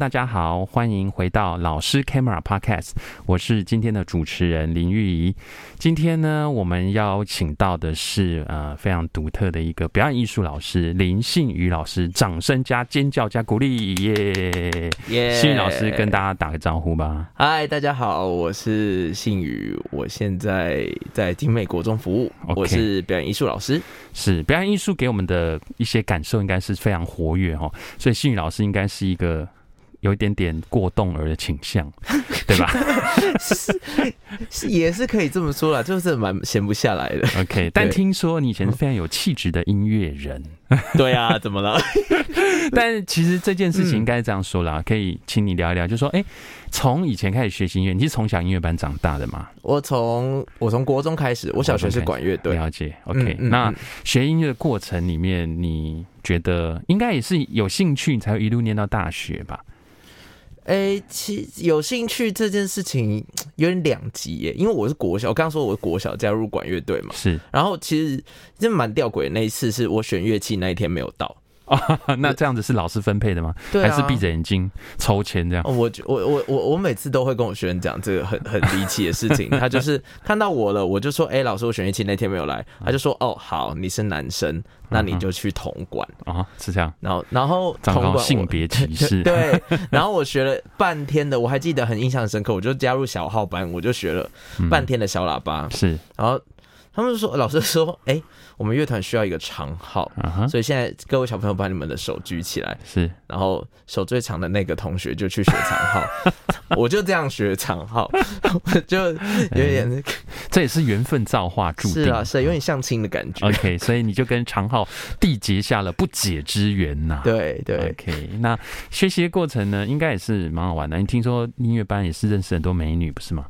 大家好，歡迎回到老師 Camera Podcast，我是今天的主持人林玉怡。今天呢，我們邀請到的是呃非常獨特的一個表演藝術老師林信宇老師，掌聲加尖叫加鼓勵，耶耶！信宇老師跟大家打個招呼吧。嗨，大家好，我是信宇，我現在在景美國中服務，我是表演藝術老師。Okay. 是表演藝術給我們的一些感受，應該是非常活躍哈，所以信宇老師應該是一個。有一點點過動兒的傾向，對吧？ 是，是也是可以這麼說啦，就是蠻閒不下來的。OK，對但聽說你以前是非常有氣質的音樂人，嗯、 對啊，怎麼了？但其實這件事情應該這樣說啦，嗯、可以請你聊一聊，就說，哎、欸，從以前開始學習音樂，你是從小音樂班長大的嗎？我從我從國中開始，啊、開始我小學是管樂隊，了解。OK，嗯嗯、那學音樂的過程裡面，嗯、你覺得應該也是有興趣，你才會一路念到大學吧？誒、欸，其實有興趣這件事情有點兩極耶，因為我是國小，我剛剛說我是國小加入管樂隊嘛，是，然後其實真的蠻吊詭，那一次是我選樂器那一天沒有到。 那這樣子是老師分配的嗎？對啊、還是閉着眼睛抽籤這樣？我我我我我每次都會跟我學生講這個很很離奇的事情。 他就是看到我了，我就說：“哎、欸，老師，我選樂器那天沒有來。”他就說：“哦，好，你是男生，那你就去銅管啊。嗯哦”是這樣。然後，然後，糟糕，性別歧視我 對。然後我學了半天的，我還記得很印象深刻。我就加入小號班，我就學了半天的小喇叭。嗯、是。然後他們就說：“老師說，哎、欸。”我們樂團需要一個長號，uh、huh, 所以現在各位小朋友把你們的手舉起來。是，然後手最長的那個同學就去學長號。 我就這樣學長號， 我就有點，欸、這也是緣分造化注定，是啊，是啊，有點相親的感覺。 OK，所以你就跟長號締結下了不解之緣吶、啊。 對對，OK，那學習的過程呢，應該也是蠻好玩的。你聽說音樂班也是認識很多美女，不是嗎？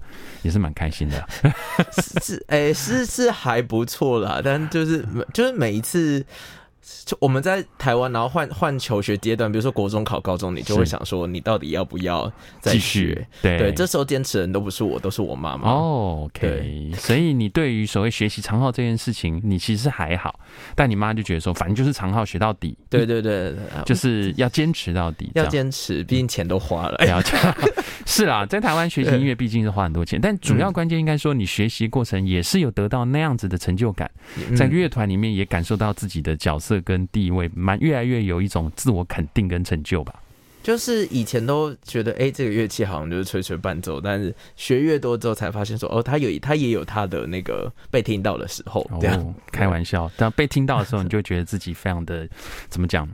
也是蠻開心的。 是，哎、欸，是是還不錯啦，但就是。就是每一次。就我們在台灣，然後換換求學階段，比如說國中考高中，你就會想說，你到底要不要再繼續？對，對，這時候堅持人都不是我，都是我媽媽。哦，OK，對所以你對於所謂學習長號這件事情，你其實還好，但你媽就覺得說，反正就是長號學到底。 嗯、對對對，就是要堅持到底， 要堅持，畢竟錢都花了。 是啦，在台灣學習音樂畢竟是花很多錢，對但主要關鍵應該說，你學習過程也是有得到那樣子的成就感，嗯、在樂團裡面也感受到自己的角色。這跟地位蠻越來越有一種自我肯定跟成就吧。就是以前都覺得，哎、欸，這個樂器好像就是吹吹伴奏，但是學越多之後，才發現說，哦，他有他也有他的那個被聽到的時候。哦，樣開玩笑，但被聽到的時候，你就覺得自己非常的怎麼講？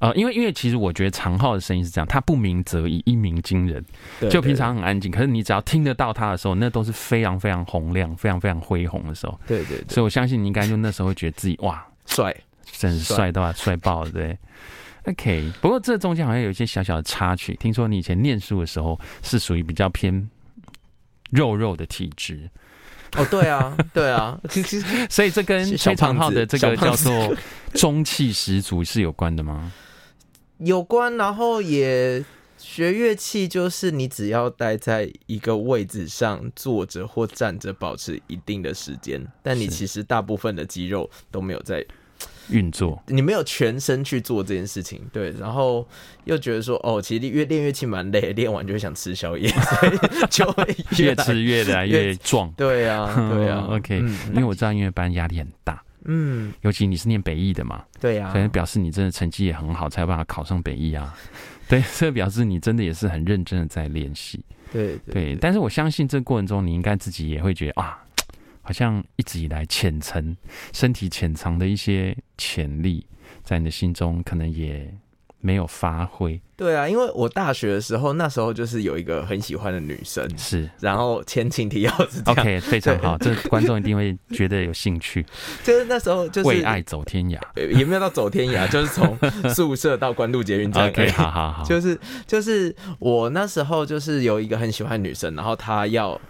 呃，因為因為其實我覺得長號的聲音是這樣，他不鳴則已，一鳴驚人。就平常很安靜，可是你只要聽得到他的時候，那都是非常非常洪亮、非常非常恢宏的時候。對對對，所以我相信你應該就那時候會覺得自己哇帥。真是帥到吧？帥爆了帥對。OK，不過這中間好像有一些小小的插曲。聽說你以前念書的時候是屬於比較偏肉肉的體質。哦，對啊，對啊。 所以這跟小胖小胖的這個叫做中氣十足是有關的嗎？有關，然後也學樂器，就是你只要待在一個位置上坐着或站着，保持一定的時間，但你其實大部分的肌肉都沒有在。運作，你沒有全身去做這件事情，對，然後又覺得說，哦，其實你越練越氣蠻累，練完就會想吃宵夜，所以 就會越，越吃越來越壯。對啊，對啊、嗯、，OK，、嗯、因為我知道音樂班壓力很大，嗯，尤其你是念北藝的嘛，對呀、啊，所以表示你真的成績也很好，才有辦法考上北藝啊，對，這表示你真的也是很認真的在練習，對對，對，對，但是我相信這過程中你應該自己也會覺得啊。好像一直以來潛藏身體潛藏的一些潛力，在你的心中可能也沒有發揮。對啊，因為我大學的時候，那時候就是有一個很喜歡的女生，是然後前情提要是這樣 OK，非常好，這對觀眾一定會覺得有興趣。 就是那時候就是為愛走天涯，也沒有到走天涯，就是從宿舍到關渡捷運這樣。可以。好好好，就是就是我那時候就是有一個很喜歡的女生，然後她要。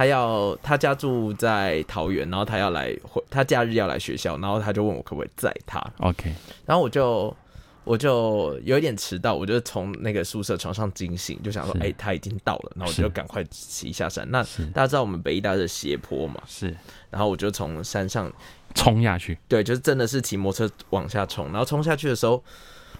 他要他家住在桃園，然後他要來，他假日要來學校，然後他就問我可不可以載他。OK，然後我就我就有點遲到，我就從那個宿舍床上驚醒，就想說，哎是、欸，他已經到了，那我就趕快騎一下山。是那是大家知道我們北藝大的斜坡嘛？是，然後我就從山上衝下去，對，就是真的是騎摩托車往下衝，然後衝下去的時候。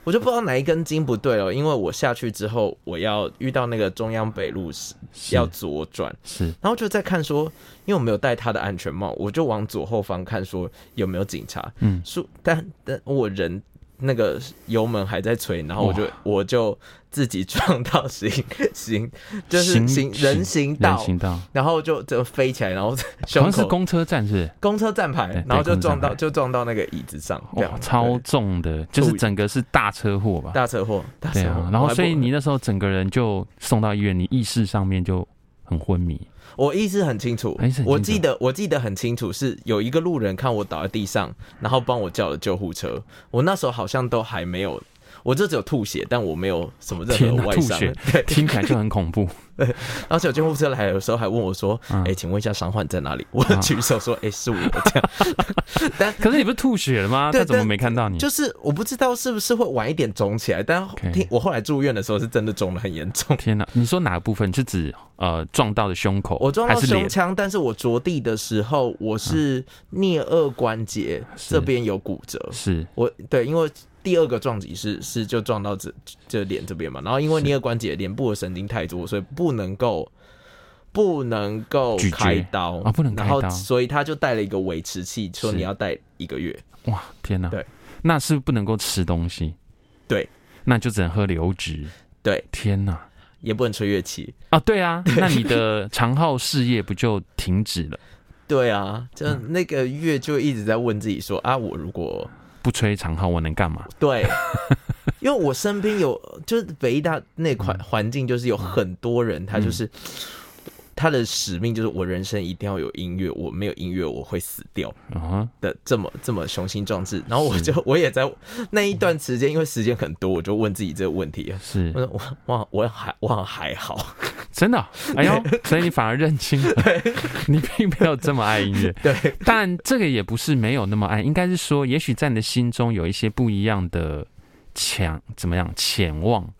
我就不知道哪一根筋不對哦，因為我下去之後，我要遇到那個中央北路時是要左轉，是，然後就在看說，因為我沒有戴他的安全帽，我就往左後方看說有沒有警察，嗯，說，但但我人。那個油門還在催，然後我就哇我就自己撞到行行，就是行人行道，行人行道然後就就飛起來，然後好像是公車站是,是？公車站牌，欸、然後就撞到就撞到那個椅子上，哦、樣超重的，對就是整個是大車禍吧？大車禍，大車禍對啊。然後所以你那時候整個人就送到醫院，你意識上面就很昏迷。我意識很清楚，清楚我記得我記得很清楚，是有一個路人看我倒在地上，然後幫我叫了救護車。我那時候好像都還沒有，我就只有吐血，但我沒有什麼任何外傷，對聽起來就很恐怖。 後救護車來的時候還問我說：“哎，請問一下，傷患在哪裡？”我舉手說：“哎，是我。”這樣。但可是你不是吐血了嗎？他怎麼沒看到你？就是我不知道是不是會晚一點腫起來，但我後來住院的時候是真的腫的很嚴重。天哪！你說哪個部分？是指呃撞到的胸口？我撞到胸腔，但是我着地的時候，我是顳顎關節這邊有骨折。是我對，因為。第二個撞擊是是就撞到這就這臉這邊嘛，然後因為顳顎關節臉部的神經太多，所以不能夠不能夠開刀啊、哦，不能開刀，然後所以他就帶了一個維持器，是說你要帶一個月。哇，天哪！啊，對，那是不，是不能夠吃東西，對，那就只能喝流質，對，天哪！啊，也不能吹樂器啊，對啊，那你的長號事業不就停止了？ 對啊，就那個月就一直在問自己說、嗯、啊，我如果不吹長號，我能幹嘛？對，因為我身邊有，就是北醫大那塊環境，就是有很多人，他就是。他的使命就是我人生一定要有音樂，我沒有音樂我會死掉的、uh huh. 這麼這麼雄心壯志。然後我就是我也在那一段時間，嗯、因為時間很多，我就問自己這個問題：是我我我還我還好，真的、哦？哎呦，對所以你反而認清了，對你並沒有這麼愛音樂。對，但這個也不是沒有那麼愛，應該是說，也許在你的心中有一些不一樣的強怎麼樣潛望，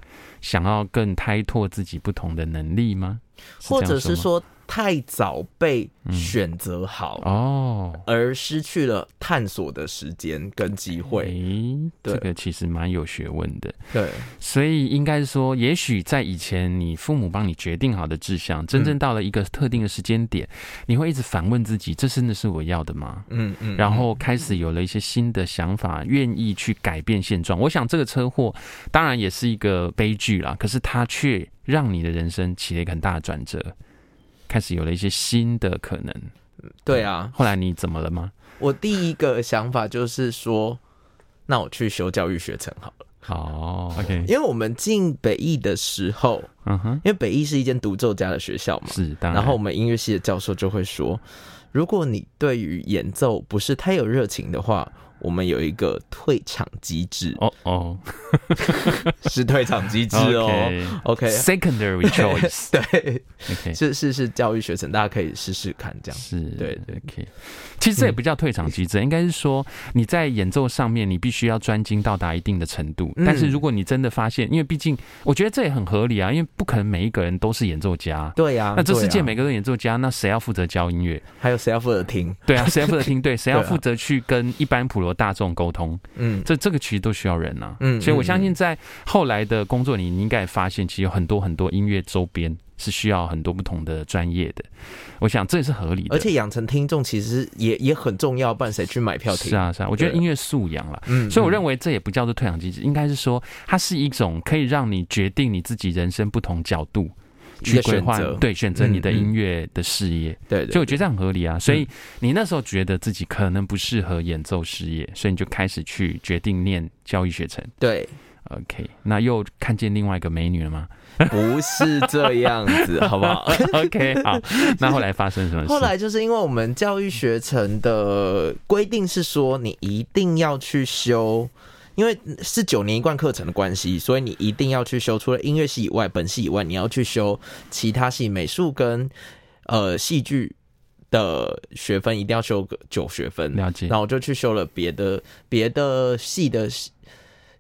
想要更開拓自己不同的能力嗎？或者是說。太早被選擇好、嗯、哦，而失去了探索的時間跟機會。欸、對、這個其實蠻有學問的。對，所以應該說，也許在以前，你父母幫你決定好的志向，嗯、真正到了一個特定的時間點，你會一直反問自己：這真的是我要的嗎？嗯嗯。嗯然後開始有了一些新的想法，願意去改變現狀。我想這個車禍當然也是一個悲劇啦，可是它卻讓你的人生起了一個很大的轉折。開始有了一些新的可能，對啊。後來你怎麼了嗎？我第一個想法就是說，那我去修教育學程好了。好，OK。因為我們進北藝的時候，嗯哼、uh-huh. 因為北藝是一間獨奏家的學校嘛，是，當然。然後我們音樂系的教授就會說，如果你對於演奏不是太有熱情的話。我們有一個退場機製哦哦，是退場機製哦，OK secondary choice 對，OK 是是是教育學生，大家可以試試看這樣是，對對 OK，其實這也不叫退場機製，應該是說你在演奏上面你必須要專精到達一定的程度，但是如果你真的發現，因為畢竟我覺得這也很合理啊，因為不可能每一個人都是演奏家，對啊，那這世界每個人演奏家，那誰要負責教音樂？還有誰要負責聽？對啊，誰要負責聽？對，誰要負責去跟一般普羅？大眾溝通，嗯，這這個其實都需要人吶、啊，嗯，所以我相信在後來的工作裡，嗯、你應該也發現，其實有很多很多音樂周邊是需要很多不同的專業的。我想這也是合理的，而且養成聽眾其實也也很重要，不然誰去買票聽？是啊，是啊，我覺得音樂素養啦，嗯對，所以我認為這也不叫做退養機制，應該是說它是一種可以讓你決定你自己人生不同角度。去規劃，對，選擇你的音樂的事業，嗯嗯、對，所以我覺得這樣很合理啊。所以你那時候覺得自己可能不適合演奏事業，嗯、所以你就開始去決定念教育學程。對，OK，那又看見另外一個美女了嗎？不是這樣子， 好不好？OK，好。那後來發生什麼事？後來就是因為我們教育學程的規定是說，你一定要去修。因為是九年一貫課程的關係，所以你一定要去修除了音樂系以外、本系以外，你要去修其他系美術跟呃戲劇的學分，一定要修個九學分。了解。然後我就去修了別的別的系的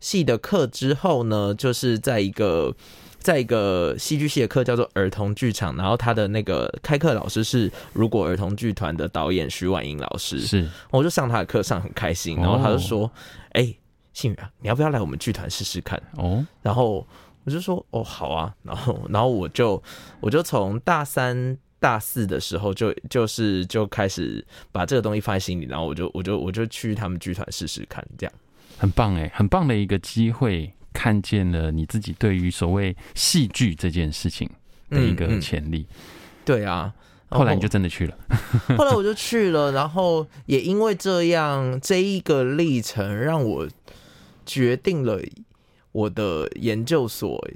系的課之後呢，就是在一個在一個戲劇系的課叫做兒童劇場，然後他的那個開課老師是如果兒童劇團的導演徐婉英老師，是，我就上他的課上很開心，然後他就說，哎、哦。欸信宇啊！你要不要來我們劇團試試看？哦，然後我就說，哦，好啊。然後，然後我就我就從大三大四的時候就就是就開始把這個東西放在心裡。然後我就我就我就去他們劇團試試看，這樣很棒哎、欸，很棒的一個機會，看見了你自己對於所謂戲劇這件事情的一個潛力。嗯嗯、對啊，後，後來你就真的去了， 後來我就去了，然後也因為這樣這一個歷程讓我。決定了我的研究所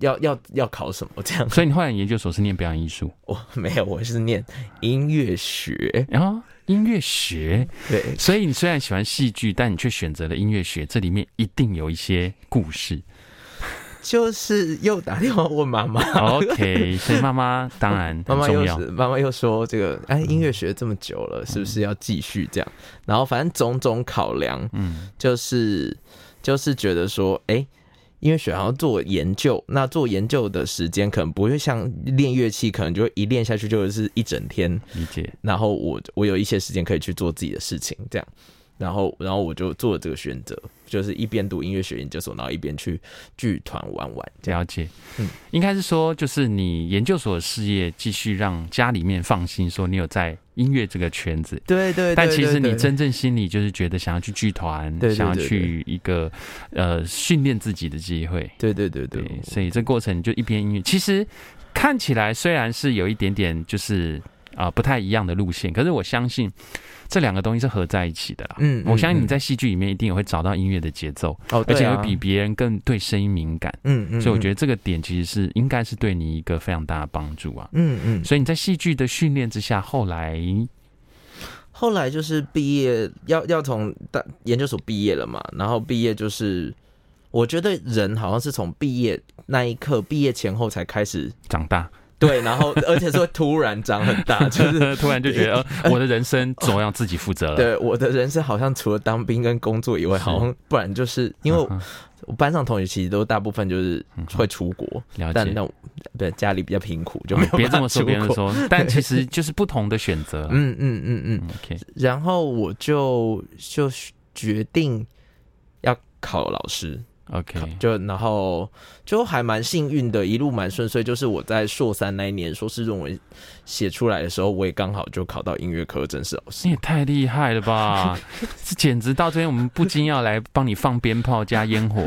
要要要考什麼這樣，所以你換了研究所是念表演藝術？我沒有，我是念音樂學啊、哦，音樂學。對，所以你雖然喜歡戲劇，但你卻選擇了音樂學，這裡面一定有一些故事。就是又打電話問媽媽，OK，所以媽媽當然媽媽又媽媽又說這個哎、啊，音樂學了這麼久了，嗯、是不是要繼續這樣？然後反正種種考量，嗯，就是就是覺得說，哎、欸，因為想要做研究，那做研究的時間可能不會像練樂器，可能就會一練下去就是一整天。理解。然後我我有一些時間可以去做自己的事情，這樣。然後，然後我就做了這個選擇，就是一邊讀音樂學研究所，然後一邊去劇團玩玩。了解，嗯，應該是說，就是你研究所的事業繼續讓家裡面放心，說你有在音樂這個圈子。對對。但其實你真正心裡就是覺得想要去劇團，想要去一個呃訓練自己的機會。對對對對。所以這過程就一邊音樂，其實看起來雖然是有一點點就是。啊、呃，不太一樣的路線，可是我相信這兩個東西是合在一起的啦。嗯，我相信你在戲劇裡面一定也會找到音樂的節奏，哦、而且會比別人更對聲音敏感。嗯嗯，所以我覺得這個點其實是應該是對你一個非常大的幫助啊。嗯嗯，嗯，所以你在戲劇的訓練之下，後來後來就是畢業，要要從大研究所畢業了嘛，然後畢業就是，我覺得人好像是從畢業那一刻，畢業前後才開始長大。 對，然後而且是會突然長很大，就是 突然就覺得， 呃、我的人生總要自己負責了。對，我的人生好像除了當兵跟工作以外，是好像不然就是因為我， 我班上同學其實都大部分就是會出國，嗯、但那對家裡比較貧苦就沒有辦法出國，別這麼說，說，對但其實就是不同的選擇、啊嗯。嗯嗯嗯嗯。嗯 OK。然後我就就決定要考老師。OK，就然後就還蠻幸運的，一路蠻順遂。就是我在碩三那一年，碩士論文。寫出來的時候，我也剛好就考到音樂科，正式老師。你也太厲害了吧！這 簡直到這邊，我們不禁要來幫你放鞭炮加煙火，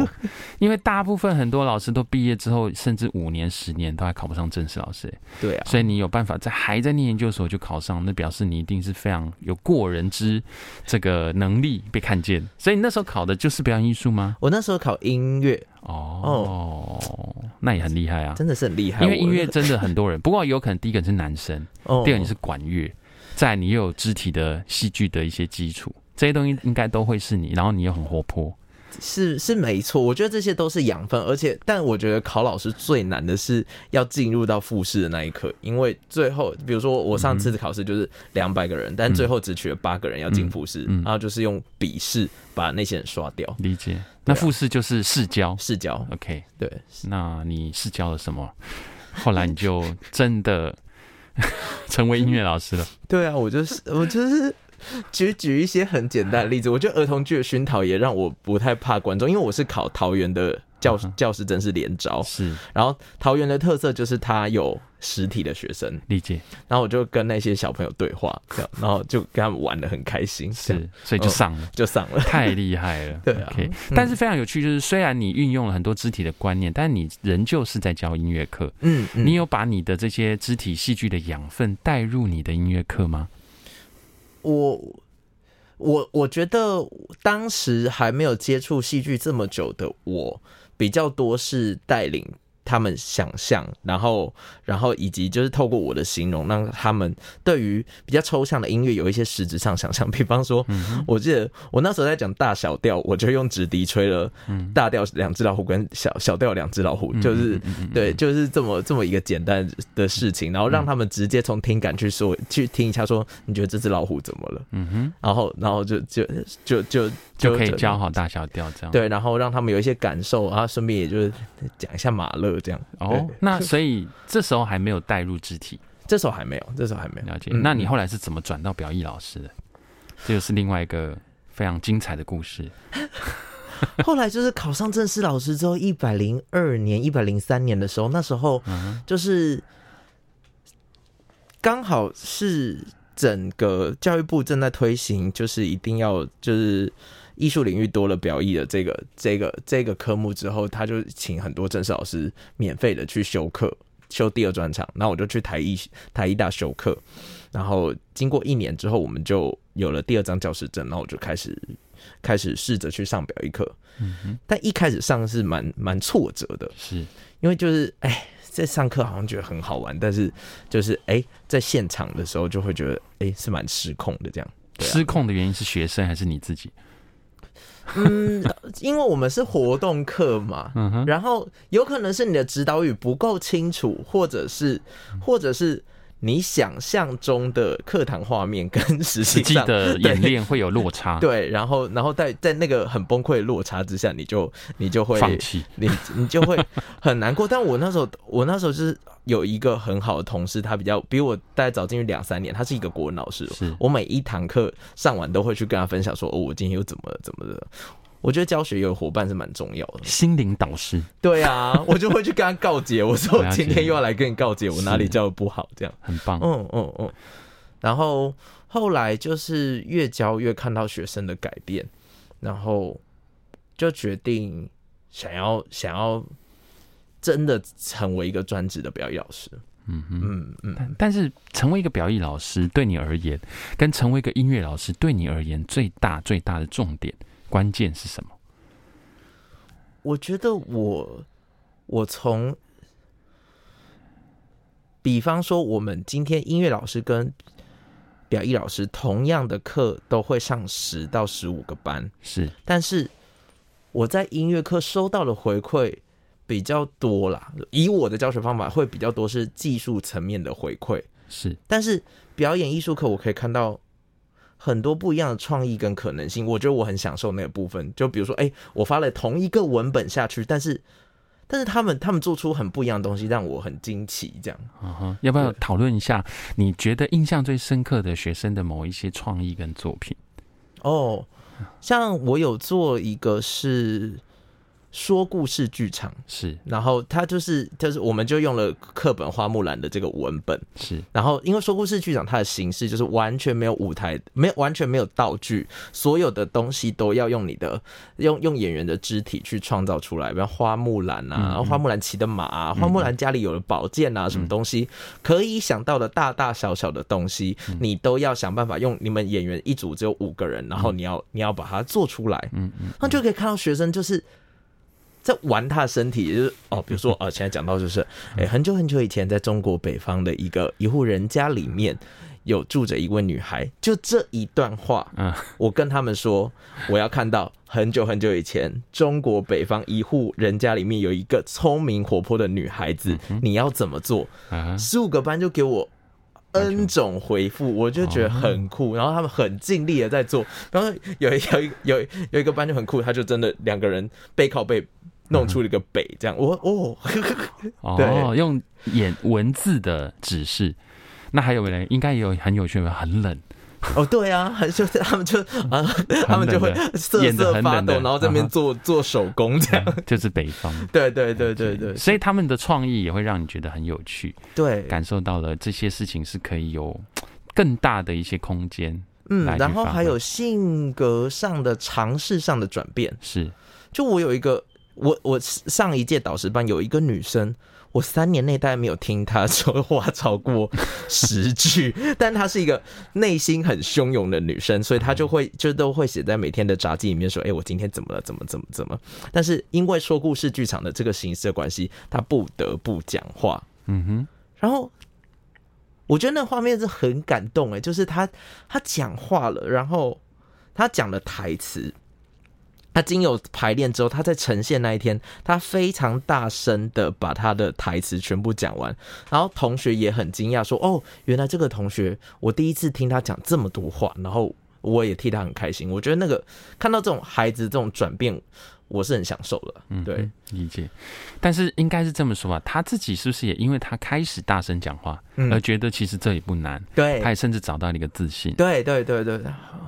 因為大部分很多老師都畢業之後，甚至五年、十年都還考不上正式老師。對啊，所以你有辦法在還在念研究的時候就考上，那表示你一定是非常有過人之這個能力被看見。所以你那時候考的就是表演藝術嗎？我那時候考音樂。哦，oh, 那也很厲害啊！真的是很厲害，因為音樂真的很多人。 不過有可能第一個你是男生，oh, 第二個你是管樂，再、oh. 你又有肢體的戲劇的一些基礎，這些東西應該都會是你。然後你又很活潑。是是沒錯，我覺得這些都是養分，而且，但我覺得考老師最難的是要進入到複試的那一刻，因為最後，比如說我上次的考試就是兩百個人，嗯、但最後只取了八個人要進複試，嗯嗯、然後就是用筆試把那些人刷掉。理解。那複試就是試教，試教 OK，對。那你試教了什麼？後來你就真的 成為音樂老師了？對啊，我就是，我就是。其實舉，舉一些很簡單的例子，我覺得兒童劇的熏陶也讓我不太怕觀眾，因為我是考桃園的教教師真是連招、啊、是。然後桃園的特色就是他有實體的學生，理解。然後我就跟那些小朋友對話，然後就跟他們玩得很開心， 是，所以就上了，哦、就上了，太厲害了， 對、啊、k、okay, 但是非常有趣，就是、嗯、雖然你運用了很多肢體的觀念，但你仍舊是在教音樂課，嗯，嗯你有把你的這些肢體戲劇的養分帶入你的音樂課嗎？我我我覺得當時還沒有接觸戲劇這麼久的我，比較多是帶領他們想象，然後，然後以及就是透過我的形容，讓他們對於比較抽象的音樂有一些實質上想象。比方說，嗯哼，我記得我那時候在講大小調，我就用直笛吹了大調兩隻老虎跟小小調兩隻老虎，就是嗯嗯嗯嗯對，就是這麼這麼一個簡單的事情，然後讓他們直接從聽感去說，去聽一下說，說你覺得這隻老虎怎麼了？嗯哼，然後，然後就就就就就，就可以教好大小調這樣。對，然後讓他們有一些感受啊，順便也就是講一下馬勒。這樣哦，那所以這時候還沒有帶入肢體， 這時候還沒有，這時候還沒有了解。嗯、那你後來是怎麼轉到表藝老師的？ 這就是另外一個非常精彩的故事。 後來就是考上正式老師之後，一百零二年、一百零三年的時候，那時候就是剛好是整個教育部正在推行，就是一定要就是。藝術領域多了表藝的這個這個這個科目之後，他就請很多正式老師免費的去修課，修第二專長。那我就去台藝台藝大修課，然後經過一年之後，我們就有了第二張教師證。然後我就開始開始試着去上表藝課，嗯、哼但一開始上是蠻蠻挫折的，是因為就是哎，在上課好像覺得很好玩，但是就是哎在現場的時候就會覺得哎是蠻失控的這樣。啊、失控的原因是學生還是你自己？ 嗯，因為我們是活動課嘛，嗯、哼然後有可能是你的指導語不夠清楚，或者是，或者是。你想象中的課堂畫面跟實際的演練對會有落差，對，然後然後在在那個很崩潰的落差之下，你就你就會放棄棄，你你就會很難過。 但我那時候我那時候是有一個很好的同事，他比較比我大概早進去兩三年，他是一個國文老師，是我每一堂課上完都會去跟他分享說，哦，我今天又怎麼了怎麼的。我覺得教學有夥伴是蠻重要的，心靈導師。對啊。我就會去跟他告解， 我說我今天又要來跟你告解，我，我哪裡教的不好，是這樣很棒。嗯嗯嗯。然後後來就是越教越看到學生的改變，然後就決定想要想要真的成為一個專職的表演老師。嗯哼嗯嗯，但。但是成為一個表演老師對你而言，跟成為一個音樂老師對你而言，最大最大的重點。關鍵是什麼？我覺得我我從比方說，我們今天音樂老師跟表藝老師同樣的課都會上十到十五個班，是。但是我在音樂課收到的回饋比較多啦，以我的教學方法會比較多是技術層面的回饋，是。但是表演藝術課，我可以看到。很多不一樣的創意跟可能性，我覺得我很享受那個部分。就比如說，哎、欸，我發了同一個文本下去，但是，但是他們他們做出很不一樣的東西，讓我很驚奇。這樣、啊，要不要討論一下？你覺得印象最深刻的學生的某一些創意跟作品？對哦，像我有做一個是。說故事劇場是，然後他就是就是，我們就用了課本《花木蘭》的這個文本是，然後因為說故事劇場它的形式就是完全沒有舞台，沒完全沒有道具，所有的東西都要用你的用用演員的肢體去創造出來，比方花木蘭啊，嗯、花木蘭騎的馬、啊，嗯、花木蘭家裡有的寶劍啊，嗯、什麼東西可以想到的大大小小的東西，嗯、你都要想辦法用你們演員一組只有五個人，嗯、然後你要你要把它做出來，嗯，那、嗯、就可以看到學生就是。在玩他的身體，就是哦，比如說啊，現在講到就是，哎，很久很久以前，在中國北方的一個一戶人家裡面，有住着一位女孩。就這一段話，我跟他們說，我要看到很久很久以前，中國北方一戶人家裡面有一個聰明活潑的女孩子，你要怎麼做？十五個班就給我。N 種回復，我就覺得很酷。然後他們很盡力的在做。然後有有一有有一個班就很酷，他就真的兩個人背靠背弄出了一個北這樣。我哦， 對哦，用演文字的指示。那還有個人應該也有很有趣，很冷。哦， oh, 對啊，就是他們就啊，他們就，很 他們就會瑟瑟發抖，然後在那邊做 做手工這樣。就是北方的。 對，對，對對對對對，所以他們的創意也會讓你覺得很有趣。對，感受到了這些事情是可以有更大的一些空間。嗯，然後還有性格上的、嘗試上的轉變。是。就我有一個，我我上一屆導師班有一個女生。我三年內大概沒有聽她說話超過十句， 但她是一個內心很洶湧的女生，所以她就會就都會寫在每天的札記裡面說：“哎、欸，我今天怎麼了？怎麼怎麼怎麼？”但是因為說故事劇場的這個形式的關係，她不得不講話。嗯哼，然後我覺得那畫面是很感動、欸，哎，就是她她講話了，然後她講的台詞。他經有排練之後，他在呈現那一天，他非常大聲的把他的台詞全部講完，然後同學也很驚訝，說：“哦，原來這個同學，我第一次聽他講這麼多話。”然後我也替他很開心。我覺得那個看到這種孩子這種轉變。我是很享受了，嗯，對，嗯，理解。但是應該是這麼說吧，他自己是不是也因為他開始大聲講話，嗯，而覺得其實這也不難？對，他也甚至找到了一個自信。對對對對，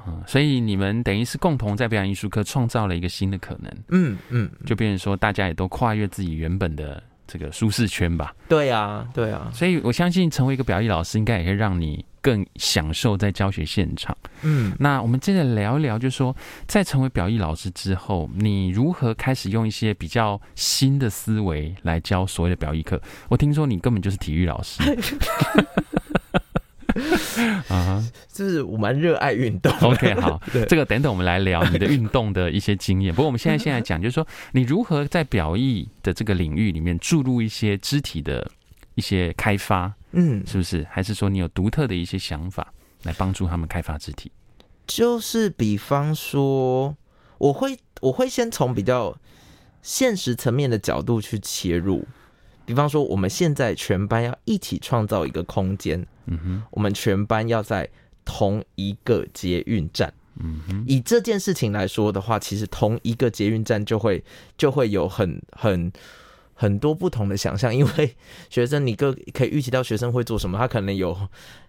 嗯。所以你們等於是共同在表演藝術課創造了一個新的可能。嗯嗯，嗯，就變成說大家也都跨越自己原本的這個舒適圈吧，對呀、啊，對啊，所以我相信成為一個表藝老師，應該也會讓你更享受在教學現場。嗯，那我們接着聊一聊，就是說在成為表藝老師之後，你如何開始用一些比較新的思維來教所謂的表藝課？我聽說你根本就是體育老師。 啊，就、 uh huh、是我蠻熱愛運動。OK，好，對這個等等我們來聊你的運動的一些經驗。不過我們現在先來講，就是說你如何在表藝的這個領域裡面注入一些肢體的一些開發，嗯，是不是？還是說你有獨特的一些想法來幫助他們開發肢體？就是比方說，我會我會先從比較現實層面的角度去切入。比方說，我們現在全班要一起創造一個空間。嗯哼，我們全班要在同一個捷運站。嗯哼，以這件事情來說的話，其實同一個捷運站就會就會有很很很多不同的想象，因為學生，你可以預期到學生會做什麼，他可能有。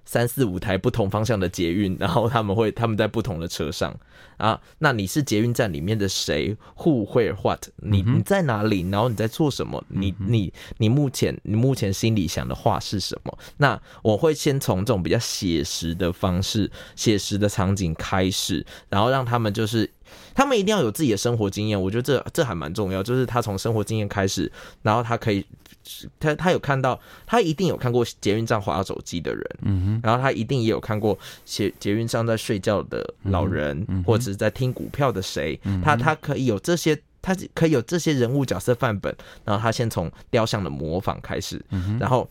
三四五台不同方向的捷運，然後他們會他們在不同的車上啊。那你是捷運站裡面的誰？Who, where, what？你你在哪裡？然後你在做什麼？你你你目前你目前心裡想的話是什麼？那我會先從這種比較寫實的方式、寫實的場景開始，然後讓他們就是，他們一定要有自己的生活經驗，我覺得這這還蠻重要，就是他從生活經驗開始，然後他可以。他他有看到，他一定有看過捷運上滑手機的人，嗯哼，然後他一定也有看過捷捷運上在睡覺的老人，嗯、哼或者是在聽股票的誰，他他、嗯、哼可以有這些，他可以有這些人物角色範本，然後他先從雕像的模仿開始，嗯、哼然後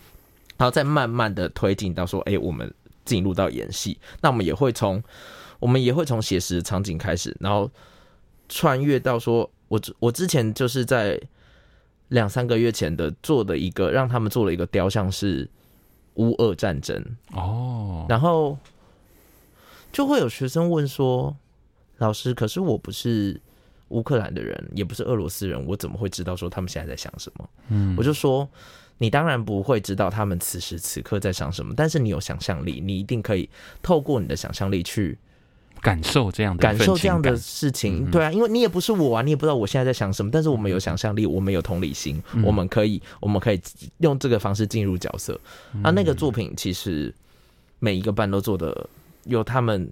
然後再慢慢的推進到說，哎，我們進入到演戲，那我們也會從我們也會從寫實場景開始，然後穿越到說，我我之前就是在。兩三個月前的做的一個，讓他們做了一個雕像，是烏俄戰爭哦。然後就會有學生問說：“老師，可是我不是烏克蘭的人，也不是俄羅斯人，我怎麼會知道說他們現在在想什麼？”嗯，我就說：“你當然不會知道他們此時此刻在想什麼，但是你有想象力，你一定可以透過你的想象力去。”感受這樣的感，感受這樣的事情，對啊，因為你也不是我啊，你也不知道我現在在想什麼。但是我們有想象力，我們有同理心，我們可以，我們可以用這個方式進入角色。那、嗯啊、那個作品其實每一個班都做的，有他們。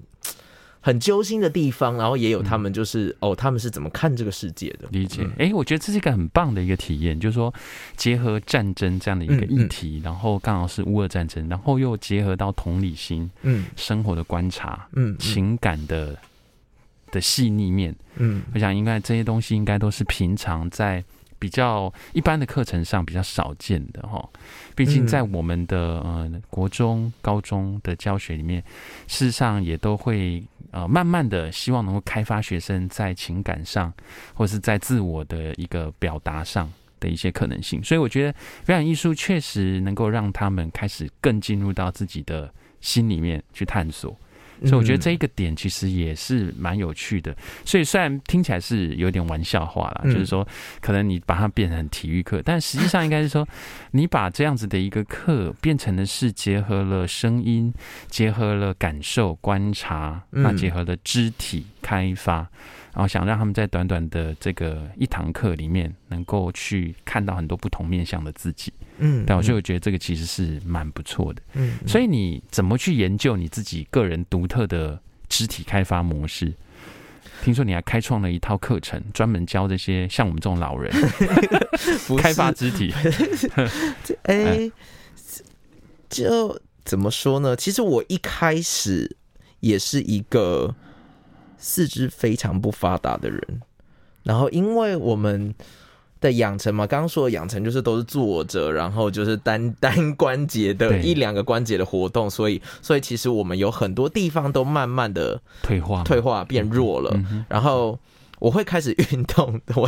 很揪心的地方，然後也有他們就是、嗯、哦，他們是怎麼看這個世界的？理解，哎、欸，我覺得這是一個很棒的一個體驗，就是說結合戰爭這樣的一個議題，嗯嗯、然後剛好是烏俄戰爭，然後又結合到同理心、嗯，生活的觀察、嗯，嗯情感的的細膩面，嗯，我想應該這些東西應該都是平常在比較一般的課程上比較少見的齁。畢竟在我們的呃國中、高中的教學裡面，事實上也都會。呃，慢慢的，希望能夠開發學生在情感上，或是在自我的一個表達上的一些可能性。所以，我覺得表演藝術確實能夠讓他們開始更進入到自己的心裡面去探索。所以我覺得這一個點其實也是蠻有趣的。嗯、所以雖然聽起來是有點玩笑話啦，嗯、就是說可能你把它變成體育課，但實際上應該是說你把這樣子的一個課變成的是結合了聲音，結合了感受觀察，嗯、那結合了肢體。開發，然後想讓他們在短短的這個一堂課裡面，能夠去看到很多不同面向的自己，嗯，但、嗯、我就覺得這個其實是蠻不錯的嗯，嗯。所以你怎麼去研究你自己個人獨特的肢體開發模式？聽說你還開創了一套課程，專門教這些像我們這種老人 是開發肢體。哎、 欸，就怎麼說呢？其實我一開始也是一個。四肢非常不發達的人，然後因為我們的養成嘛，剛剛說的養成就是都是坐着，然後就是單單關節的對一兩個關節的活動，所以所以其實我們有很多地方都慢慢的退化、退化變弱了。然後我會開始運動，我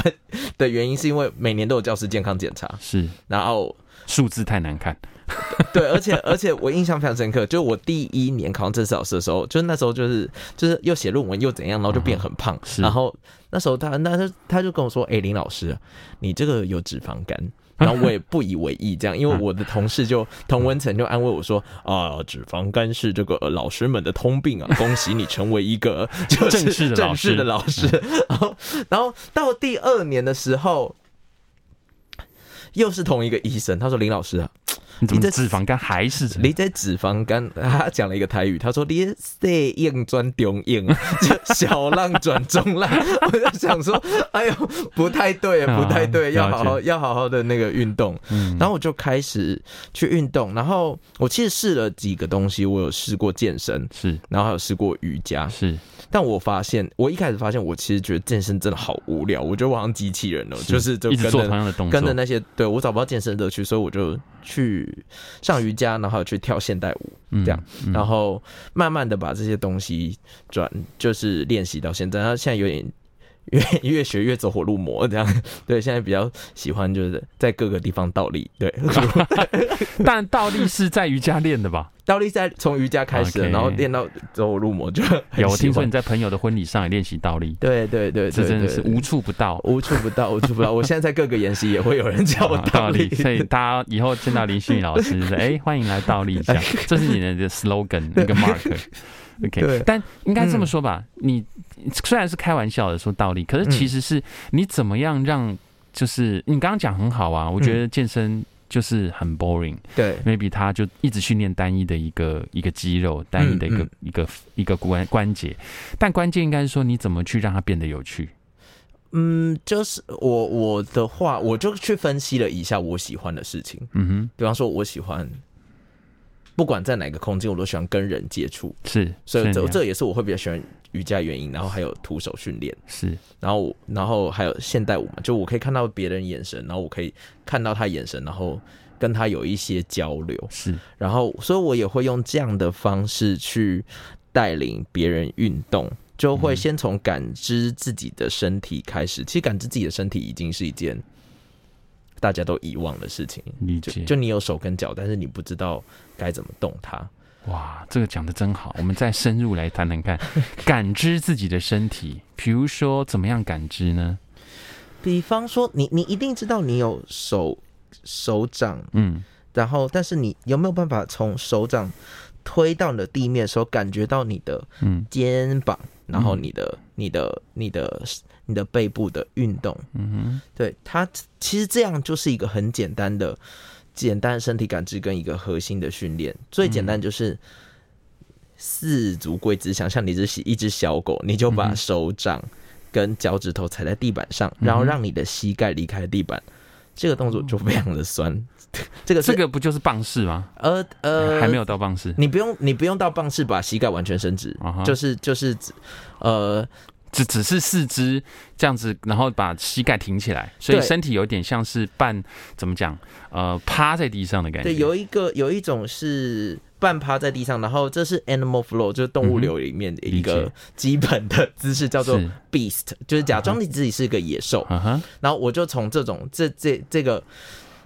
的原因是因為每年都有教師健康檢查，是然後。數字太難看，對，而且而且我印象非常深刻，就我第一年考上正式老師的時候，就是那時候就是就是又寫論文又怎樣，然後就變很胖，嗯、是然後那時候他那他他就跟我說：“哎、欸，林老師，你這個有脂肪肝。”然後我也不以為意，這樣，因為我的同事就童文成就安慰我說：“啊，脂肪肝是這個、呃、老師們的通病啊，恭喜你成為一個正式正式的老師。的老師”嗯、然後然後到第二年的時候。又是同一個醫生，他說：“林老師啊，你在脂肪肝還是什麼？你在脂肪肝？他講了一個台語，他說：‘你在硬轉中硬、啊， 小浪轉中浪。’我就想說，哎呦，不太對，不太對，要好好要好好，好要好好的那個運動。嗯、然後我就開始去運動，然後我其實試了幾個東西，我有試過健身，是，然後還有試過瑜伽，是。”但我發現，我一開始發現，我其實覺得健身真的好無聊，我覺得我好像機器人了，是就是就一直做同樣的動作，跟着那些，對，我找不到健身樂趣，所以我就去上瑜伽，然後去跳現代舞，嗯、這樣，嗯、然後慢慢的把這些東西轉，就是練習到現在，然後現在有點越越學越走火入魔，這樣，對，現在比較喜歡就是在各個地方倒立，對， 但倒立是在瑜伽練的吧？倒立在從瑜伽開始，然後練到走火入魔，就有。我聽說你在朋友的婚禮上也練習倒立，對對對，這真的是無處不到，無處不到，無處不到。我現在在各個演習也會有人叫我倒立，所以大家以後見到林信宇老師，哎，歡迎來倒立一下。這是你的 slogan 一個 marker。OK，但應該這麼說吧，你雖然是開玩笑的說倒立，可是其實是你怎麼樣讓，就是你剛剛講很好啊，我覺得健身。就是很 boring，對，maybe 他就一直訓練單一的一個一個肌肉，單一的一個、嗯嗯、一個一個關關節，但關鍵應該是說你怎麼去讓它變得有趣。嗯，就是我我的話，我就去分析了一下我喜歡的事情，嗯哼，比方說我喜歡。不管在哪個空間，我都喜歡跟人接觸，是，所以這這也是我會比較喜歡瑜伽原因，然後還有徒手訓練，是，然後然後還有現代舞嘛，就我可以看到別人眼神，然後我可以看到他眼神，然後跟他有一些交流，是，然後所以我也會用這樣的方式去帶領別人運動，就會先從感知自己的身體開始，嗯、其實感知自己的身體已經是一件。大家都遺忘的事情，理解就，就你有手跟腳，但是你不知道該怎麼動它。哇，這個講得真好，我們再深入來談談看， 感知自己的身體。比如說，怎麼樣感知呢？比方說，你你一定知道你有手，手掌，嗯，然後但是你有沒有辦法從手掌推到你的地面的時候，感覺到你的嗯肩膀？嗯然後你的你的你的你的背部的運動，嗯哼，對，它其實這樣就是一個很簡單的簡單身體感知跟一個核心的訓練，最簡單就是四足跪姿，想象你只是一隻小狗，你就把手掌跟腳趾頭踩在地板上，嗯、哼然後讓你的膝蓋離開地板，這個動作就非常的酸。這個這個不就是棒式嗎？呃呃，呃還沒有到棒式，你不用你不用到棒式，把膝蓋完全伸直，uh huh. 就是就是呃，只只是四肢這樣子，然後把膝蓋挺起來，所以身體有點像是半對怎麼講呃，趴在地上的感覺。對，有一個有一種是半趴在地上，然後這是 Animal Flow，就是動物流裡面的一個基本的姿勢，嗯、叫做 Beast，、uh huh. 就是假裝你自己是一個野獸。Uh huh. uh huh. 然後我就從這種這這這個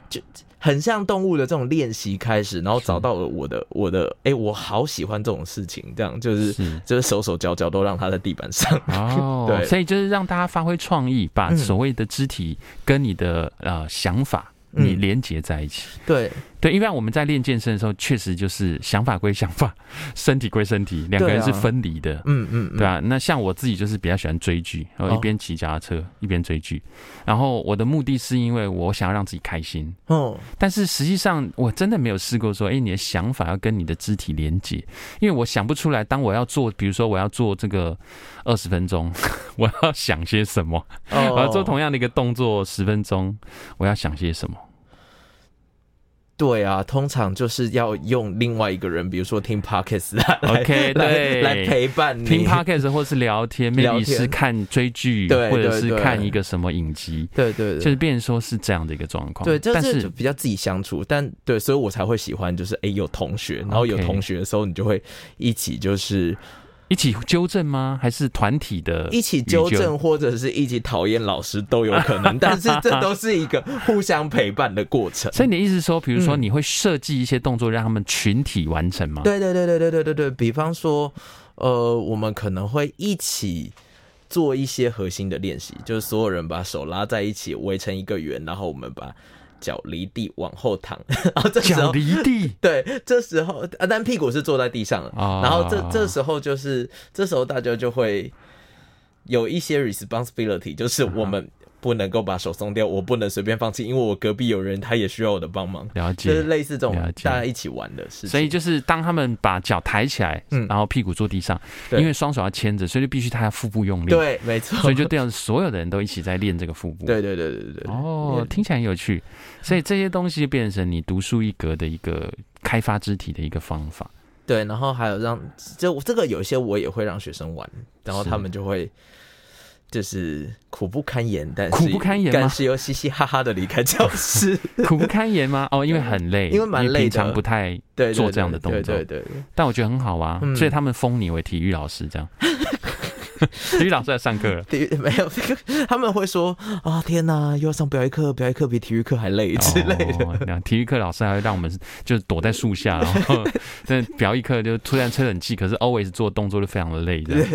就。很像動物的這種練習開始，然後找到了我的我的，哎、欸，我好喜歡這種事情，這樣就是，是就是手手腳腳都讓它在地板上哦，oh, 對，所以就是讓大家發揮創意，把所謂的肢體跟你的、嗯、呃想法你連結在一起，嗯、對。對，因為我們在練健身的時候，確實就是想法歸想法，身體歸身體，兩個人是分離的。嗯、啊、嗯，嗯嗯對啊，那像我自己就是比較喜歡追劇，然後一邊騎腳踏車、oh. 一邊追劇。然後我的目的是因為我想要讓自己開心。哦，oh. 但是實際上我真的沒有試過說，哎、欸，你的想法要跟你的肢體連接，因為我想不出來，當我要做，比如說我要做這個二十分鐘， 我要想些什麼？Oh. 我要做同樣的一個動作十分鐘，我要想些什麼？對啊，通常就是要用另外一個人，比如說聽 Podcast，OK，來來陪伴你聽 Podcast 或是聊天，聊天面是看追劇，對對對或者是看一個什麼影集，對，對對，就是變成說是這樣的一個狀況，對，就是就比較自己相處，但對，所以我才會喜歡，就是哎，有同學，然後有同學的時候，你就會一起，就是。Okay. 就是一起糾正嗎？還是團體的？一起糾正或者是一起討厭老師都有可能， 但是這都是一個互相陪伴的過程。所以你的意思說，比如說你會設計一些動作讓他們群體完成嗎？對、嗯、對對對對對對對，比方說，呃，我們可能會一起做一些核心的練習，就是所有人把手拉在一起圍成一個圓，然後我們把。腳離地，往後躺，然 後、啊、這時候腳離地，對，這時候啊，但屁股是坐在地上的，啊、然後這這時候就是這時候大家就會有一些 responsibility，就是我們、啊。不能夠把手鬆掉，我不能隨便放棄，因為我隔壁有人，他也需要我的幫忙。了解，就是類似這種大家一起玩的事。所以就是當他們把腳抬起來，嗯，然後屁股坐地上，對因為雙手要牽着，所以就必須他腹部用力。對，沒錯。所以就這樣，所有的人都一起在練這個腹部。對，對對對對對對。哦，oh, 聽起來很有趣。嗯、所以這些東西變成你獨樹一格的一個開發肢體的一個方法。對，然後還有讓，就這個有一些我也會讓學生玩，然後他們就會。就是苦不堪言，但苦不堪言，但是又嘻嘻哈哈的離開教室，苦不堪言嗎？哦，因為很累，因為蠻累的，平常不太對做這樣的動作，對,對,對,對，對對對對但我覺得很好啊，嗯、所以他們封你為體育老師這樣。 體育老師在上課體育沒有，他們會說啊、哦，天哪，又要上表藝課，表藝課比體育課還累之類的、哦、體育課老師還會讓我們就躲在樹下， 然後但是表藝課就突然吹冷氣，可是 always 做動作就非常的累對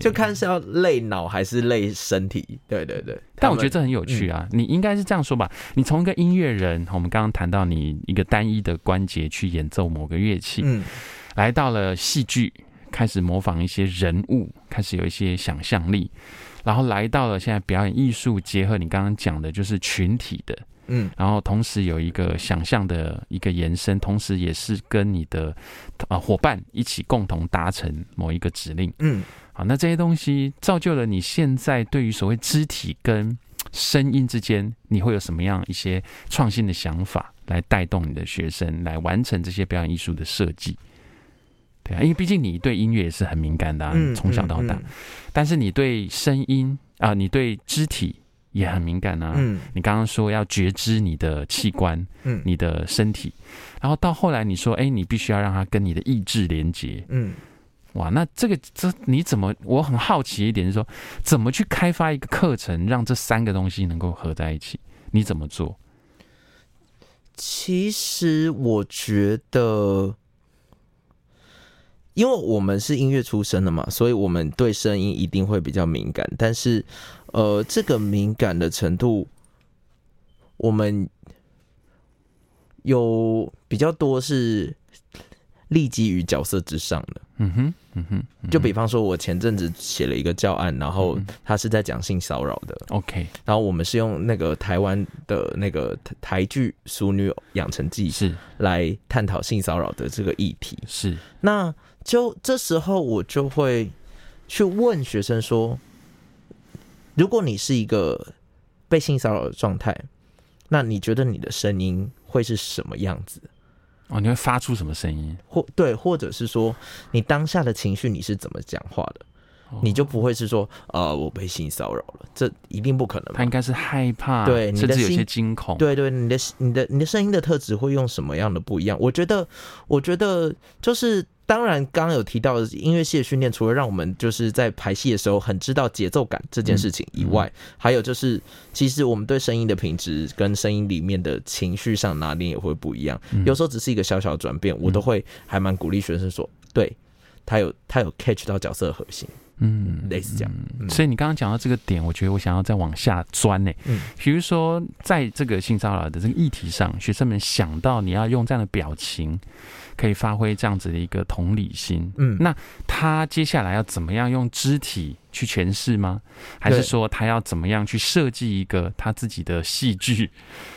就看是要累腦還是累身體，對對對。但我覺得這很有趣啊！嗯，你應該是這樣說吧？你從一個音樂人，我們剛剛談到你一個單一的關節去演奏某個樂器，嗯，來到了戲劇，開始模仿一些人物，開始有一些想象力，然後來到了現在表演藝術，結合你剛剛講的，就是群體的，嗯，然後同時有一個想象的一個延伸，同時也是跟你的，呃，夥伴一起共同達成某一個指令，嗯。那這些東西造就了你現在對於所謂肢體跟聲音之間，你會有什麼樣一些創新的想法來帶動你的學生來完成這些表演藝術的設計？對啊，因為畢竟你對音樂也是很敏感的、啊，從、嗯嗯嗯、小到大。但是你對聲音啊、呃，你對肢體也很敏感啊。嗯，你剛剛說要覺知你的器官，嗯，你的身體，然後到後來你說，哎、欸，你必須要讓它跟你的意志連接，嗯。哇，那這個這你怎麼？我很好奇一點，就是說怎麼去開發一個課程，讓這三個東西能夠合在一起？你怎麼做？其實我覺得，因為我們是音樂出身的嘛，所以我們對聲音一定會比較敏感。但是，呃，這個敏感的程度，我們有比較多是。立基於角色之上的。嗯，嗯哼，嗯哼，就比方說，我前陣子寫了一個教案，然後他是在講性騷擾的，OK，嗯，然後我們是用那個台灣的那個台劇《熟女養成記》是來探討性騷擾的這個議題，是，那就這時候我就會去問學生說，如果你是一個被性騷擾的狀態，那你覺得你的聲音會是什麼樣子？哦，你會發出什麼聲音？或對，或者是說你當下的情緒你是怎麼講話的？哦，你就不會是說呃，我被性騷擾了，這一定不可能。他應該是害怕，對,對,對,對，你的，有些驚恐。對對，你的你的你的聲音的特質會用什麼樣的不一樣？我覺得，我覺得就是。當然，剛剛有提到的音樂系的訓練，除了讓我們就是在排戲的時候很知道節奏感這件事情以外，嗯嗯、還有就是，其實我們對聲音的品質跟聲音裡面的情緒上，拿捏也會不一樣。嗯、有時候只是一個小小的轉變，我都會還蠻鼓勵學生說，嗯、對他有他有 catch 到角色的核心，嗯，類似這樣。嗯、所以你剛剛講到這個點，我覺得我想要再往下鑽呢、欸。嗯，比如說在這個性騷擾的這個議題上，學生們想到你要用這樣的表情。可以發揮這樣子的一個同理心，嗯，那他接下來要怎麼樣用肢體去詮釋嗎？對還是說他要怎麼樣去設計一個他自己的戲劇？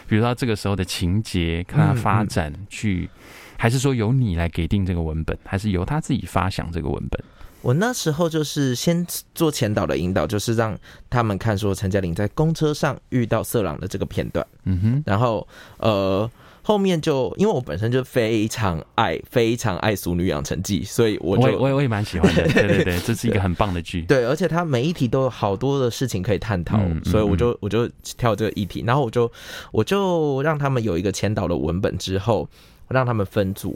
比如說這個時候的情節，看他發展去，嗯嗯、還是說由你來給定這個文本，還是由他自己發想這個文本？我那時候就是先做前導的引導，就是讓他們看說陳嘉玲在公車上遇到色狼的這個片段，嗯哼，然後呃。後面就因為我本身就非常愛、非常愛《俗女養成記》，所以我就我也我也蠻喜歡的。 對對對，這是一個很棒的劇。對，而且它每一題都有好多的事情可以探討，嗯嗯、所以我就我就挑這個議題，然後我就我就讓他們有一個前導的文本之後，讓他們分組，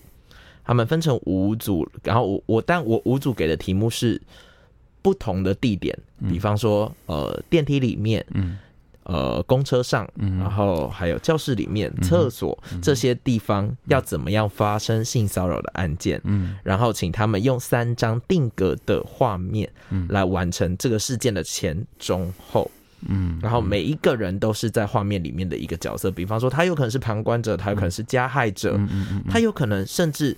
他們分成五組，然後我我但我五組給的題目是不同的地點，比方說呃電梯裡面，嗯。呃，公車上，然後還有教室裡面、廁所、嗯、哼這些地方，要怎麼樣發生性騷擾的案件？嗯哼，然後請他們用三張定格的畫面，嗯，來完成這個事件的前中後。嗯哼，然後每一個人都是在畫面裡面的一個角色，嗯、哼比方說他有可能是旁觀者，他有可能是加害者，嗯、哼他有可能甚至。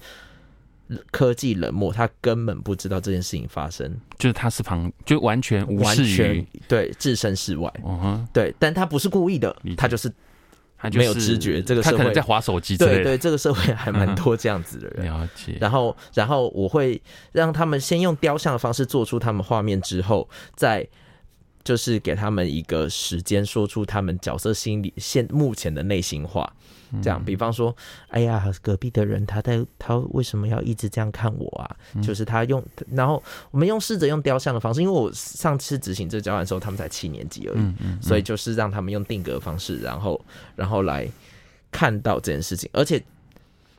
科技冷漠，他根本不知道這件事情發生，就是他是旁，就完全完全對置身事外，嗯哼，對，但他不是故意的，聽他就是沒有知覺。就是、這個社會他可能在滑手機，對，對對，這個社會還蠻多這樣子的人。嗯、了解。然後，然後我會讓他們先用雕像的方式做出他們畫面之後，再。就是給他們一個時間，說出他們角色心裡現目前的內心話。這樣，比方說，哎呀，隔壁的人他在他為什麼要一直這樣看我啊？就是他用，然後我們用試着用雕像的方式，因為我上次執行這教案的時候，他們才七年級而已，所以就是讓他們用定格方式，然後然後來看到這件事情，而且。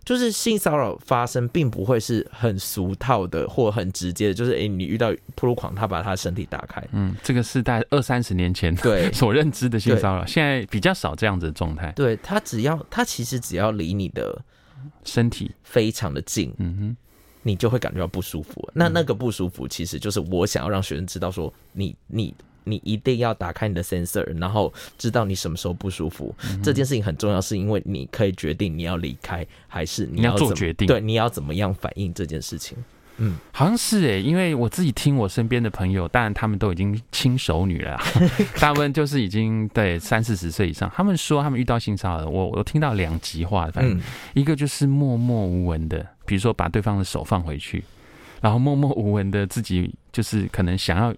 就是性騷擾發生，並不會是很俗套的或很直接的，就是誒、欸，你遇到暴露狂，他把他的身體打開。嗯，這個是在二三十年前對所認知的性騷擾，對現在比較少這樣子的狀態。對，他只要他其實只要離你的身體非常的近，嗯哼，你就會感覺到不舒服。那那個不舒服，其實就是我想要讓學生知道說你，你你。你一定要打開你的 sensor，然後知道你什麼時候不舒服。嗯、這件事情很重要，是因為你可以決定你要離開還是你要，要做決定。對，你要怎麼樣反應這件事情？嗯，好像是哎、欸，因為我自己聽我身邊的朋友，當然他們都已經輕熟女了，他們 就是已經對三四十歲以上，他們說他們遇到性騷擾，我我都聽到兩極化的反應，嗯、一個就是默默無聞的，比如說把對方的手放回去，然後默默無聞的自己就是可能想要。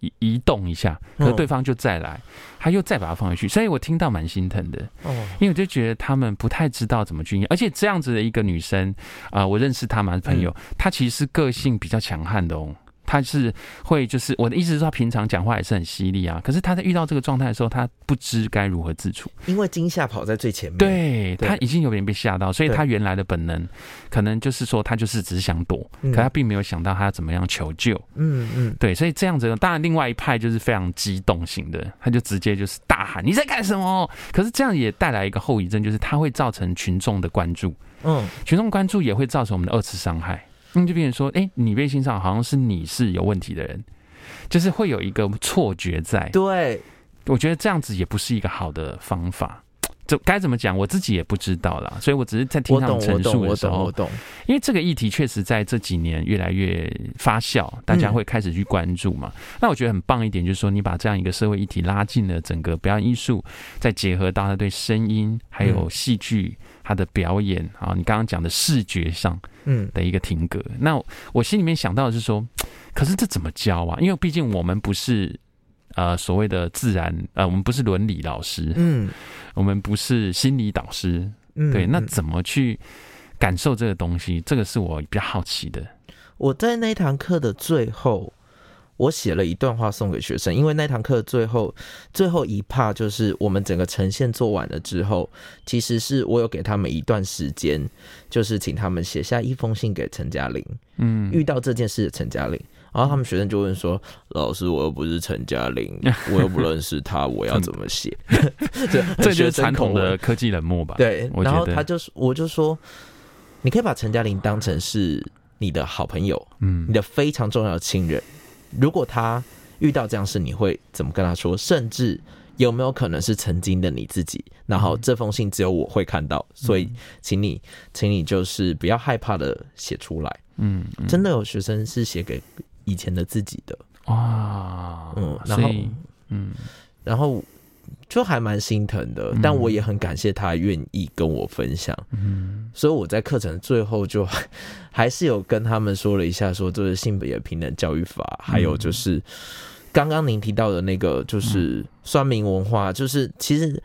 移移動一下，可對方就再來，他又再把它放回去，所以我聽到蠻心疼的。哦，因為我就覺得他們不太知道怎麼去經營，而且這樣子的一個女生，啊、呃，我認識她蠻朋友，她其實是個性比較強悍的哦。他是會就是我的意思是他平常講話也是很犀利啊，可是他在遇到這個狀態的時候，他不知該如何自處。因為驚嚇跑在最前面，對，他已經有點被嚇到，所以他原來的本能對可能就是說他就是只想躲，對可他並沒有想到他要怎麼樣求救。嗯嗯，對，所以這樣子呢，當然另外一派就是非常激動型的，他就直接就是大喊，你在幹什麼？可是這樣也帶來一個後遺症，就是它會造成群眾的關注。嗯，群眾關注也會造成我們的二次傷害。嗯、就變成說，哎、欸，你被欣賞，好像是你是有問題的人，就是會有一個錯覺在。對，我覺得這樣子也不是一個好的方法。就該怎麼講？我自己也不知道啦。所以我只是在聽他們陳述的時候，因為這個議題確實在這幾年越來越發酵，大家會開始去關注嘛。嗯、那我覺得很棒一點就是說，你把這樣一個社會議題拉近了整個表演藝術，再結合到他對聲音還有戲劇他的表演、嗯、啊，你剛剛講的視覺上，嗯，的一個停格。嗯、那我心裡面想到的是說，可是這怎麼教啊？因為畢竟我們不是。呃，所謂的自然，呃，我們不是倫理老師，嗯，我們不是心理導師，嗯、對，那怎麼去感受這個東西？這個是我比較好奇的。我在那堂課的最後，我寫了一段話送給學生，因為那堂課最後最後一 part 就是我們整個呈現做完了之後，其實是我有給他們一段時間，就是請他們寫下一封信給陳嘉玲，嗯，遇到這件事的陳嘉玲。嗯然後他們學生就問說：“老師，我又不是陳嘉玲，我又不認識他，我要怎麼寫？” 這就是傳統的科技冷漠吧。對，然後他就說我就說，你可以把陳嘉玲當成是你的好朋友，嗯，你的非常重要的親人。如果他遇到這樣事，你會怎麼跟他說？甚至有沒有可能是曾經的你自己？然後這封信只有我會看到，嗯、所以，請你，請你就是不要害怕的寫出來。嗯，真的有學生是寫給。以前的自己的啊，哦、嗯，然後，嗯，然後就還蠻心疼的，嗯、但我也很感謝他願意跟我分享，嗯，所以我在課程最後就還是有跟他們說了一下，說就是性別平等教育法，嗯、還有就是剛剛您提到的那個就是酸民文化，嗯、就是其實。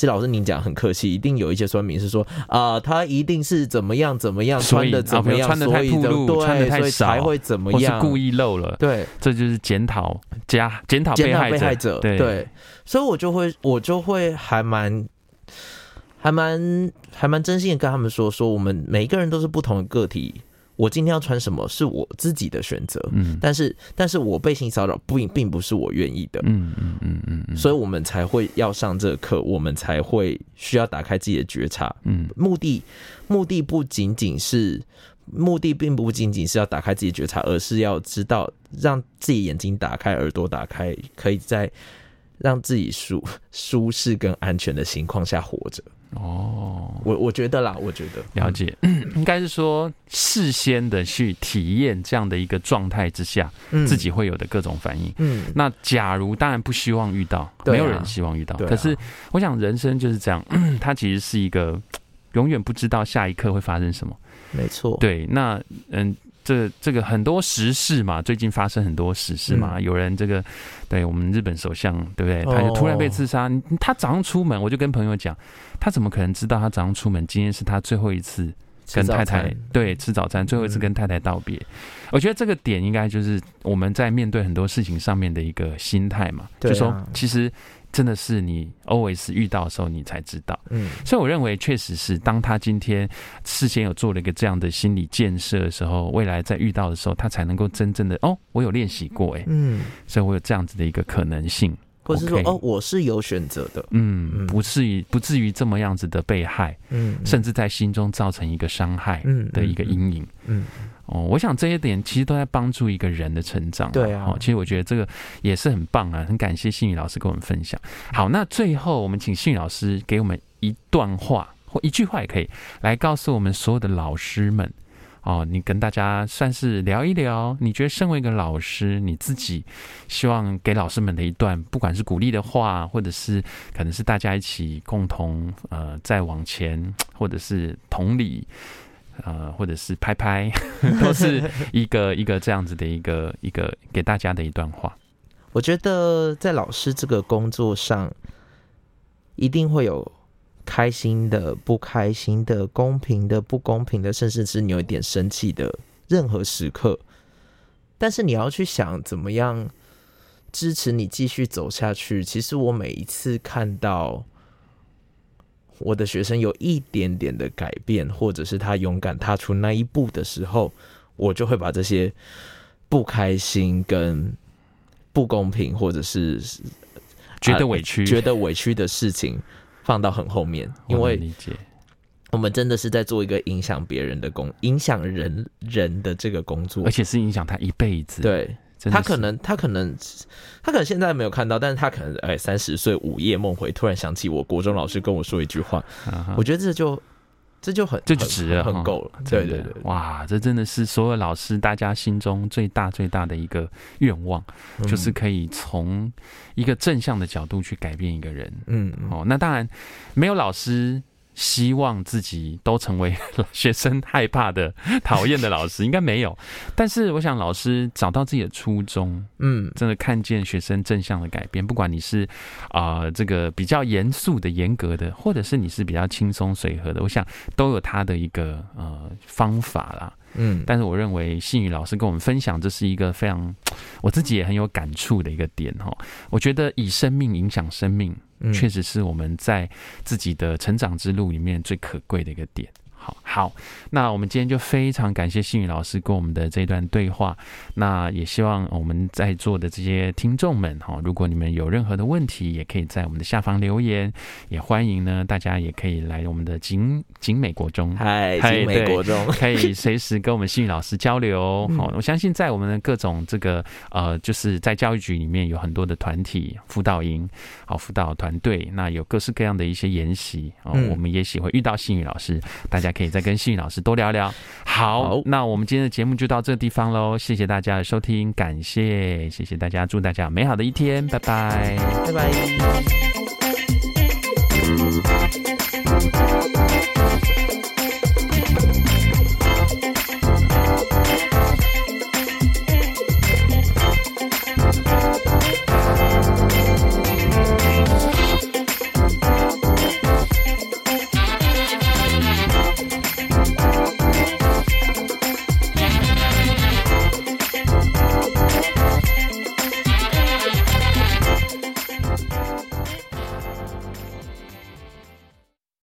其實老師，您講很客氣，一定有一些酸民是說啊、呃，他一定是怎麼樣怎麼樣穿的怎麼樣以以穿的太露，對，穿太少所以才會怎麼樣故意漏了，對，這就是檢討加檢討被害者，害者對,對，所以我就會我就會還蠻還蠻還蠻真心的跟他們說，說我們每一個人都是不同的個體。我今天要穿什麼是我自己的選擇，嗯，但是，但是我被性騷擾不，並不是我願意的，嗯嗯嗯嗯，所以我們才會要上這課，我們才會需要打開自己的覺察，嗯，目的，目的不僅僅是，目的並不僅僅是要打開自己的覺察，而是要知道讓自己眼睛打開，耳朵打開，可以在讓自己舒舒適跟安全的情況下活着。哦，我我覺得啦，我覺得了解，應該是說事先的去體驗這樣的一個狀態之下，嗯、自己會有的各種反應。嗯，那假如當然不希望遇到，嗯、沒有人希望遇到。啊、可是，我想人生就是這樣，嗯、它其實是一個永遠不知道下一刻會發生什麼。沒錯，對，那嗯。這這個很多時事嘛，最近發生很多時事嘛，嗯、有人這個，對我們日本首相，對不對？他就突然被刺殺，哦、他早上出門，我就跟朋友講，他怎麼可能知道他早上出門，今天是他最後一次跟太太吃早餐，對，吃早餐，最後一次跟太太道別。嗯、我覺得這個點應該就是我們在面對很多事情上面的一個心態嘛，啊、就是說其實。真的是你 always 遇到的時候，你才知道。嗯，所以我認為確實是，當他今天事先有做了一個這樣的心理建設的時候，未來在遇到的時候，他才能夠真正的哦，我有練習過、欸，哎，嗯，所以我有這樣子的一個可能性，或是說 okay 哦，我是有選擇的，嗯，不至於不至於這麼樣子的被害，嗯，甚至在心中造成一個傷害的一個陰影，嗯，嗯。嗯嗯哦，我想這些點其實都在幫助一個人的成長。對啊。哦，其實我覺得這個也是很棒啊，很感謝信宇老師跟我們分享。好，那最後我們請信宇老師給我們一段話或一句話也可以，來告訴我們所有的老師們哦。你跟大家算是聊一聊，你覺得身為一個老師，你自己希望給老師們的一段，不管是鼓勵的話，或者是可能是大家一起共同呃再往前，或者是同理。呃，或者是拍拍，都是一個一個這樣子的一個一個給大家的一段話。 我覺得在老師這個工作上，一定會有開心的、不開心的、公平的、不公平的，甚，甚至是你有一點生氣的任何時刻。但是你要去想怎麼樣支持你繼續走下去。其實我每一次看到我的學生有一點點的改變，或者是他勇敢踏出那一步的時候，我就會把這些不開心、跟不公平，或者是覺得委屈、啊、覺得委屈的事情放到很後面，因為理解。我們真的是在做一個影響別人的工作，影響人人的這個工作，而且是影響他一輩子。對。他可能，他可能，他可能現在沒有看到，但是他可能，哎、欸，三十歲午夜夢回，突然想起我國中老師跟我說一句話，啊、哈我覺得這就這就很這就值了很，很夠了，對對對，對，哇，這真的是所有老師大家心中最大最大的一個願望，嗯、就是可以從一個正向的角度去改變一個人，嗯，哦，那當然沒有老師，希望自己都成為學生害怕的、討厭的老師，應該沒有。但是，我想老師找到自己的初衷，嗯，真的看見學生正向的改變。嗯、不管你是啊、呃，這個比較嚴肅的、嚴格的，或者是你是比較輕鬆、隨和的，我想都有他的一個呃方法啦。嗯，但是我認為信宇老師跟我們分享，這是一個非常我自己也很有感觸的一個點哦，我覺得以生命影響生命，確實是我們在自己的成長之路裡面最可貴的一個點。好好，那我們今天就非常感謝信宇老師跟我們的這一段對話。那也希望我們在座的這些聽眾們，哈，如果你們有任何的問題，也可以在我們的下方留言。也歡迎呢，大家也可以來我們的景景美國中，嗨，景美國中 Hi, 對 可以隨時跟我們信宇老師交流。嗯、好，我相信在我們的各種這個呃，就是在教育局裡面有很多的團體輔導營，好輔導團隊，那有各式各樣的一些研習哦，嗯、我們也許會遇到信宇老師，大家可以。可以再跟信宇老師多聊一聊。好，好，那我們今天的節目就到這地方嘍。謝謝大家的收聽，感謝，謝謝大家，祝大家有美好的一天，拜拜，拜拜。拜拜。